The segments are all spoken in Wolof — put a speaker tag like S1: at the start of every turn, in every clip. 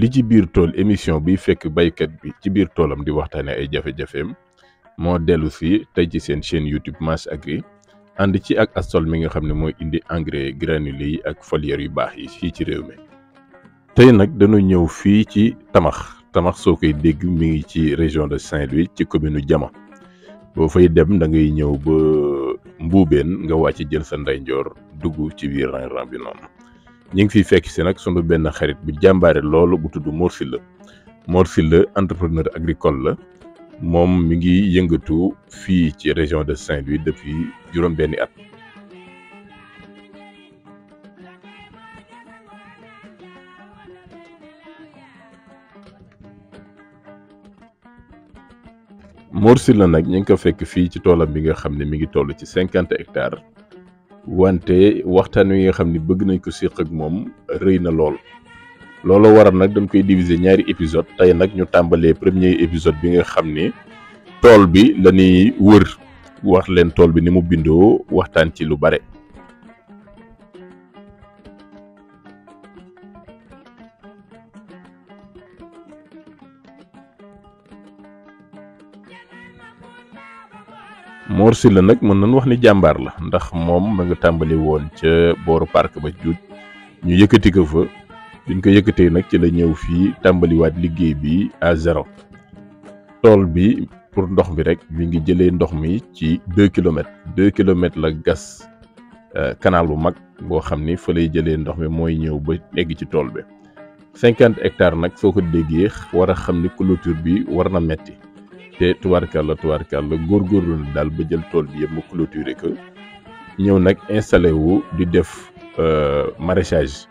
S1: li ci biir tool émission bi fekk baykat bi ci biir toolam di waxtaane ay jafe-jafeem moo dellu si tey ci seen chaîne YouTube Mas Agri ànd ci ak astol mi nga xam ne mooy indi engrais granulé yi ak foliaire yu baax yi fii ci réew mi tey nag dañu ñëw fii ci tamax tamax soo koy dégg mi ngi ci région de Saint-Louis ci commune Diama boo fay dem da ngay ñëw ba mbuubeen nga wàcc jël sa ndeyjoor dugg ci biir ran-ran bi noonu ñu ngi fiy fekk si nag sunu benn xarit bu jàmbaare loolu bu tudd Mor la Mor Sylla entrepreneur agricole la moom mi ngi yëngatu fii ci région de Saint-Louis depuis juróom-benni at. Mor Sylla nag ñu ngi ko fekk fii ci toolam bi nga xam ne mi ngi toll ci cinquante hectares. wante waxtaan wi nga xam ni bëgg nañ ko séq ak moom rëy na lool looloo waral nag dañ koy diviser ñaari épisode tey nag ñu tàmbalee premier épisode bi nga xam ni tool bi la wër wax leen tool bi ni mu bindoo waxtaan ci lu bare Mor Sylla nag mën nañu wax ni jàmbaar la ndax moom ma nga tàmbali woon ca booru parc ba juut ñu yëkkati ko fa biñ ko yëkkatee nag ci la ñëw fii tàmbaliwaat liggéey bi à zéro tool bi pour ndox bi rek mi ngi jëlee ndox mi ci deux kilomètres deux kilomètres la gas kanaal euh, bu mag boo xam ni fa lay jëlee ndox mi mooy ñëw ba egg ci tool bi cinquante hectares nag soo ko déggee war a xam ni clôture bi war na metti te tubaarkàlla tubaarkàlla góorgóorlu na daal ba jël tool bi yëpp mu clôturer ko ñëw nag installé wu di def euh, maraîchage.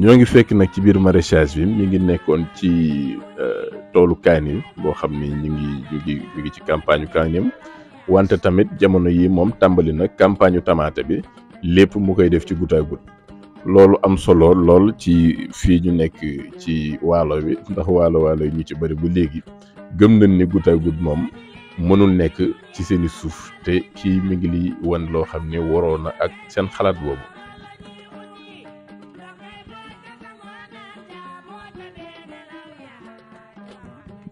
S1: ñoo ngi fekk nag ci biir maraîchage bi mi ngi nekkoon ci. toolu kaani boo xam ni ñu ngi ñu ngi ñu ngi ci campagne kaanim wante tamit jamono yi moom tàmbali na campagne tamaate bi lépp mu koy def ci goutte à loolu am solo lool ci fii ñu nekk ci waalo bi ndax waalo waalo yi ñu ci bëri bu léegi gëm nañ ni goutte à moom mënul nekk ci seeni suuf te kii mu ngi li wan loo xam ne waroon na ak seen xalaat boobu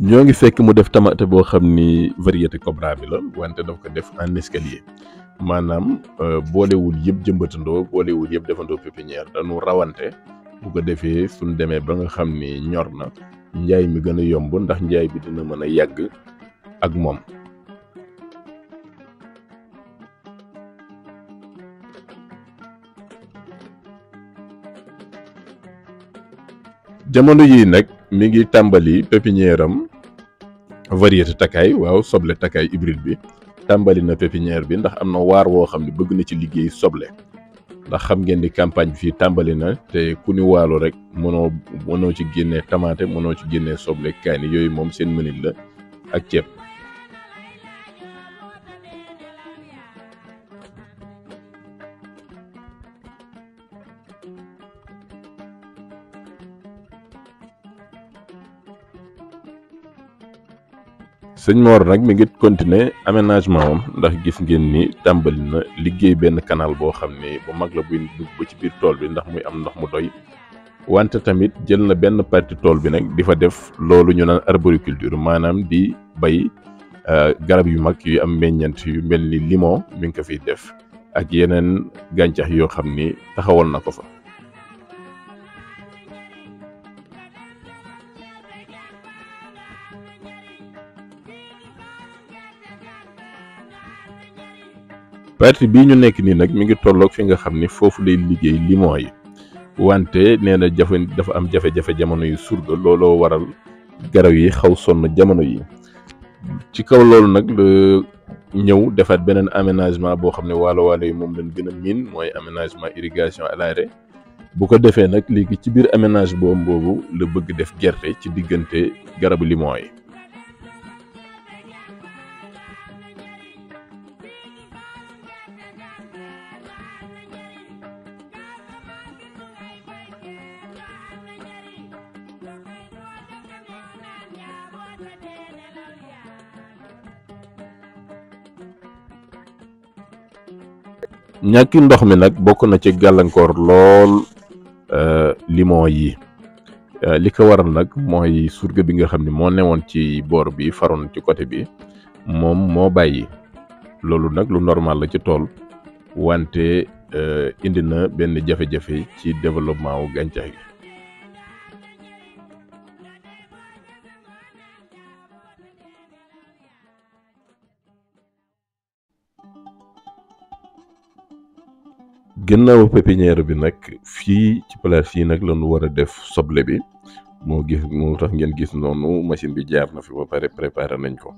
S1: ñoo ngi fekk mu def tomate boo xam ni variété Cobra bi la wante daf ko def en escalier maanaam euh, boolewul yëpp jëmbatandoo boolewul yëpp defandoo pépinière dañu rawante bu ko defee suñ demee ba nga xam ni ñor na njaay mi gën a yomb ndax njaay bi dina mën a yàgg ak moom. jamono yii nag mi ngi tàmbali pépinière variété takaay waaw soble takkaay hybride bi tàmbali na pépinière bi ndax am na waar woo xam ne bëgg na ci liggéey soble ndax xam ngeen ni campagne bi fii tàmbali na te ku ni waalu rek mënoo mënoo ci génnee tamaate mënoo ci génnee soble kaani yooyu moom seen mënit la ak ceeb sëñ Mor nag mi ngi continuer aménagement am ndax gis ngeen ni tàmbali na liggéey benn kanaal boo xam ne bu mag la buy dugg ba ci biir tool bi ndax muy am ndox mu doy wante tamit jël na benn partie tool bi nag di fa def loolu ñu naan arboriculture maanaam di bay euh, garab yu mag yu am meññant yu mel ni limon mi ngi ko fi def ak yeneen gàncax yoo xam ni taxawal na ko fa. parti bii ñu nekk nii nag mi ngi tolloog fi nga xam ni foofu lay liggéey limon yi wante nee na jafe dafa am jafe-jafe jamono yu surga looloo waral garab yi xaw sonn jamono yi ci kaw loolu nag la ñëw defaat beneen aménagement boo xam ne waalo waalo yi moom lañ gën a miin mooy aménagement irrigation à l'arrêt bu ko defee nag léegi ci biir aménage boobu boobu la bëgg def gerte ci diggante garabu limon yi ñàkki ndox mi nag bokk na ci gàllankoor lool euh, limon yi euh, li ko waral nag mooy surga bi nga xam ni moo newoon ci boor bi faroon ci côté bi moom moo bàyyi loolu nag lu normal la ci tool wante euh, indi na benn jafe-jafe ci développement wu gàncax gi gënnaaw pépinière bi nag fii ci palace yi nag lañu war a def soble bi moo gis moo tax ngeen gis noonu machine bi jaar na fi ba pare préparer nañ ko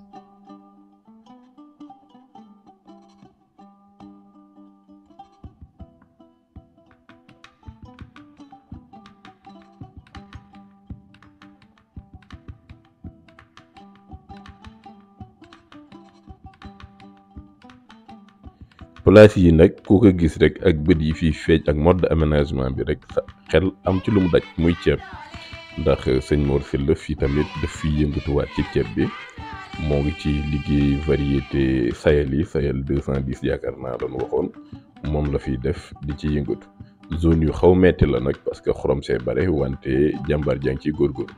S1: place yi nag ku ko gis rek ak bët yi fii feej ak mode aménagement bi rek sa xel am ci lu mu daj muy ceeb ndax sëñ Mor Sylla fii tamit def fi yëngatuwaat ci ceeb bi moo ngi ci liggéey variété Sahel yi Sahel deux sant dix yaakaar naa doon waxoon moom la fiy def di ci yëngatu zone yu xaw metti la nag parce que xorom see bare wante jàmbar jang ci góorgóorlu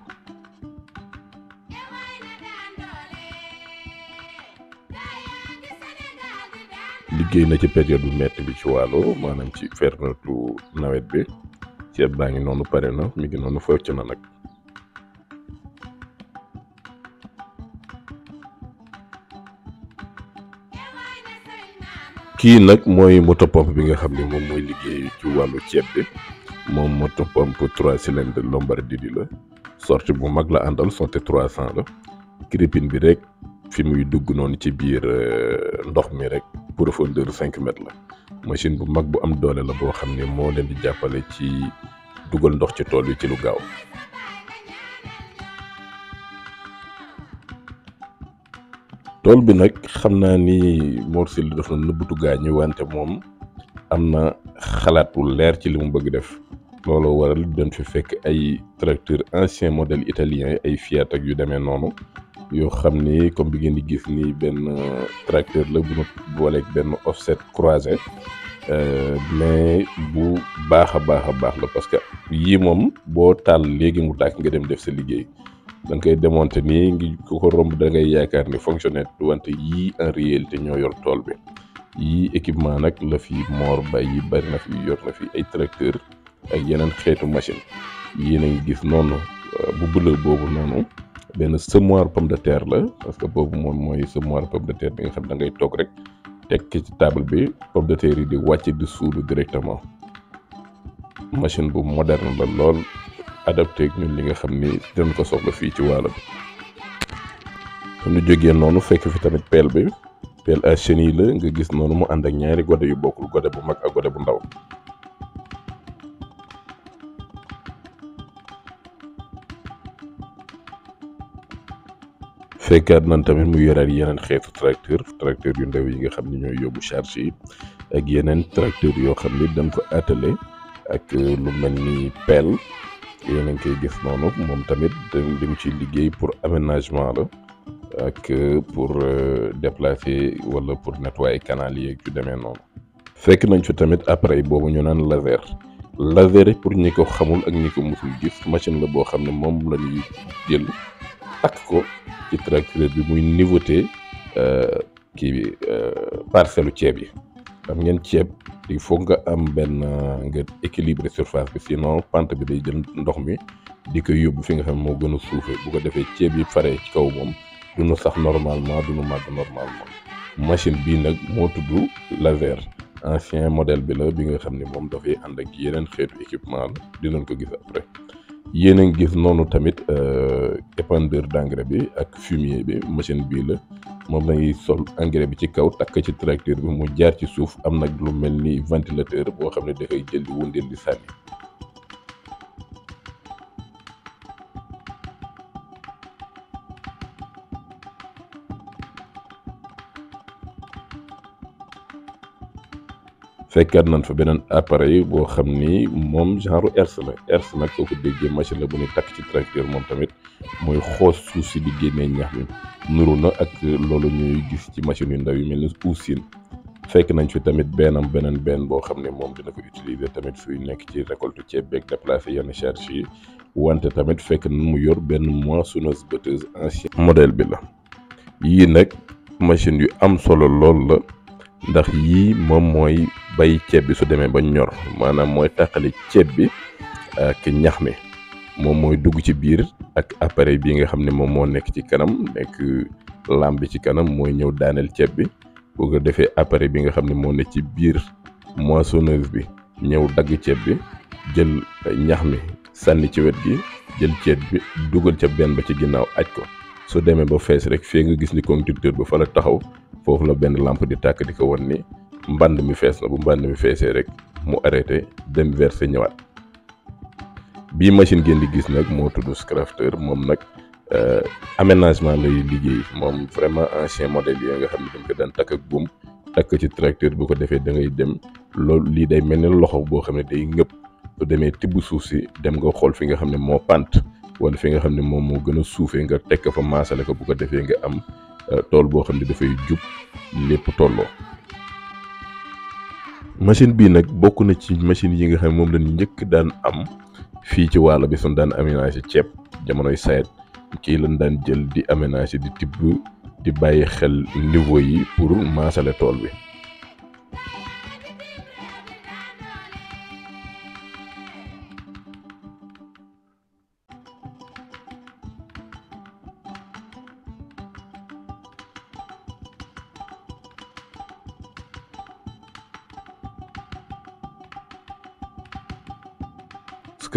S1: génn na ci période bu métti bi ci wàllu maanaam ci fermetu nawet bi ceeb baa ngi noonu pare na mi ngi noonu focc na nag. kii nag mooy moto pompe bi nga xam ne moom mooy liggéey ci wàllu ceeb bi moom moto pompe trois cylindres Lombardi di la sortie bu mag la àndal sortie trois cent la. kiripin bi rek fi muy dugg noonu ci biir euh, ndox mi rek profondeur cinq mètres la machine bu mag bu am doole la boo xam ne moo leen di jàppale ci dugal ndox ci tool bi ci lu gaaw tool bi nag xam naa ni Mor Sylla def na nëbbatu gaa ñi wante moom am na xalaat leer ci li mu bëgg def looloo waral doon fi fekk ay tracteur ancien modèle italien ay Fiat ak yu demee noonu yoo xam ni comme bi ngeen di gis nii benn euh, tracteur la bu ma booleeg benn offset croisé euh, mais bu baax a baax a baax la parce que yii moom boo taal léegi mu tàkk nga dem def sa liggéey da nga koy démonter nii ngi ku ko romb da ngay yaakaar ni fonctionner wante yii en réalité ñoo yor tool bi yii équipement nag la fi moor bay yi bari na fi yor na fi ay tracteur ak yeneen xeetu machine yii nañ gis noonu euh, bu bële boobu noonu. benn semoir pomme de terre la parce que boobu moom mooy semoir pomme de terre bi nga xam da toog rek tekki ci table bi pomme de terre yi di wàcc di suudu directement machine bu moderne la lool adapté ak ñun li nga xam ni dinañ ko soxla fii ci waalo bi suñu jógee noonu fekk fi tamit peel bi peel à chenille la nga gis noonu mu ànd ak ñaari godde yu bokkul godé bu mag ak godé bu ndaw fekkaat nan tamit mu yoraat yeneen xeetu tracteur tracteur yu ndaw yi nga xam ne ñoo yóbbu charge yi ak yeneen tracteur yoo xam ne dañ ko attelé ak euh, lu mel ni pelle yéen a ngi koy gis noonu moom tamit dem ci liggéey pour aménagement la ak euh, pour euh, déplacer wala pour nettoyer canal yi ak yu demee noonu fekk nañ fi tamit appareil boobu ñu naan laser laser pour ñi ko xamul ak ñi ko musul gis machine la boo xam ne moom la ñuy jël takk ko ci tracteur bi muy niveauté euh, kii bi euh, parcelle u ceeb yi xam ngeen ceeb il faut nga am benn euh, nga équilibré surface bi sinon pente bi day jël ndox mi di ko yóbbu fi nga xam moo gën a suufee bu ko defee ceeb yi faree ci kaw moom du nu sax normalement du nu màgg normalement machine bii nag moo tudd laser ancien model bi la bi nga xam ne moom dafay ànd ak yeneen xeetu équipement la dinañ ko gis après yéen a ngi gis noonu tamit euh, épandeur d'engrais bi ak fumier bi machine bii la moom lañuy sol engrais bi ci kaw takk ci tracteur bi mu jaar ci suuf am nag lu mel ni ventilateur boo xam ne dafay jël di wundeel di sànni fekkaat nañ fa beneen appareil boo xam ni moom genre herse la herse nag soo ko déggee machine la bu ñuy takk ci tracteur moom tamit mooy xoos suuf si di génnee ñax mi nuru na ak loolu ñuy gis ci machine yu ndaw yi mel ni usine fekk nañ fi tamit benn beneen benn boo xam ne moom dina ko utiliser tamit suy nekk ci récolte ceeb beeg déplacé yenn charge yi wante tamit fekk na mu yor benn mois moissonneuse batteuse ancien modèle bi la yii nag machine yu am solo lool la ndax yii moom mooy bay ceeb bi su demee ba ñor maanaam mooy tàqali ceeb bi ak ñax mi moom mooy dugg ci biir ak appareil bii nga xam ne moom moo nekk ci kanam nekk lam bi ci kanam mooy ñëw daaneel ceeb bi boo defee appareil bi nga xam ne moo nekk ci biir moissonneuse bi ñëw dagg ceeb bi jël ñax mi sànni ci wet gi jël ceeb bi dugal ca benn ba ci ginnaaw aj ko su demee ba fees rek fii nga gis ni conducteur ba fa la taxaw foofu la benn lampe di tàkk di ko wan ni mbànd mi fees na bu mbànd mi feesee rek mu arrêté dem verser ñëwaat bii machine gen di gis nag moo tudd Scrafter moom nag euh, aménagement lay liggéey moom vraiment ancien modèle yi nga xam ne dañ ko daan takk ak buum takk ci tracteur bu ko defee dangay dem loolu lii day mel ni loxo boo xam ne day ngëpp su demee tibb suuf si dem nga xool fi nga xam ne moo pant wala fi nga xam ne moom moo gën a suufee nga teg fa maasale ko bu ko defee nga am euh, tool boo xam ne dafay jub lépp tolloo machine bii nag bokk na ci machine yi nga xam ne moom lañu njëkk daan am fii ci wàll bi suñ daan aménager ceeb jamonoy sayet kii lañ daan jël di aménager di tibb di bàyyi xel niveau yi pour maasale tool bi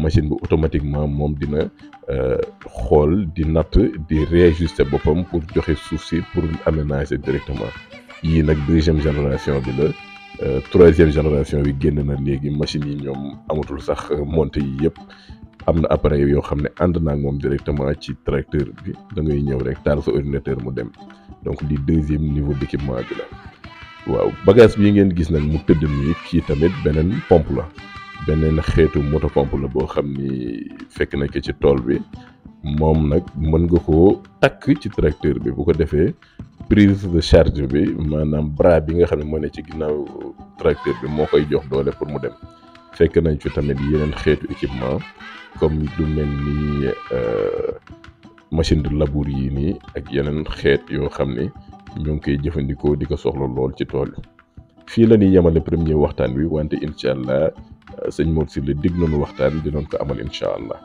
S1: machine bi automatiquement moom dina euh, xool di natt di réajuster boppam pour joxe suuf si pour aménager directement yii nag deuxième génération bi la euh, troisième génération bi génn na léegi machine yi ñoom amatul sax monte yi yëpp am na appareil yoo xam ne ànd naa moom directement ci tracteur bi da ngay ñëw rek taal sa ordinateur mu dem donc di deuxième niveau d'équipement bi la waaw bagage bi ngeen gis nag mu tëdd nii kii tamit beneen pompe la beneen xeetu motopompe la boo xam ni fekk na ci tool bi moom nag mën nga koo takk ci tracteur bi bu ko defee prise de charge bi maanaam bras bi nga xam ne moo ne ci ginnaaw tracteur bi moo koy jox doole pour mu dem fekk nañ ci tamit yeneen xeetu équipement comme du mel ni euh, machine de labour yi nii ak yeneen xeet yoo xam ni ñu ngi koy jëfandikoo di ko soxla lool ci tool fii la ñuy yemale premier waxtaan wi wante incha allah sëñ Mor Sylla dig nañu waxtaan dinañ ko amal incha allah.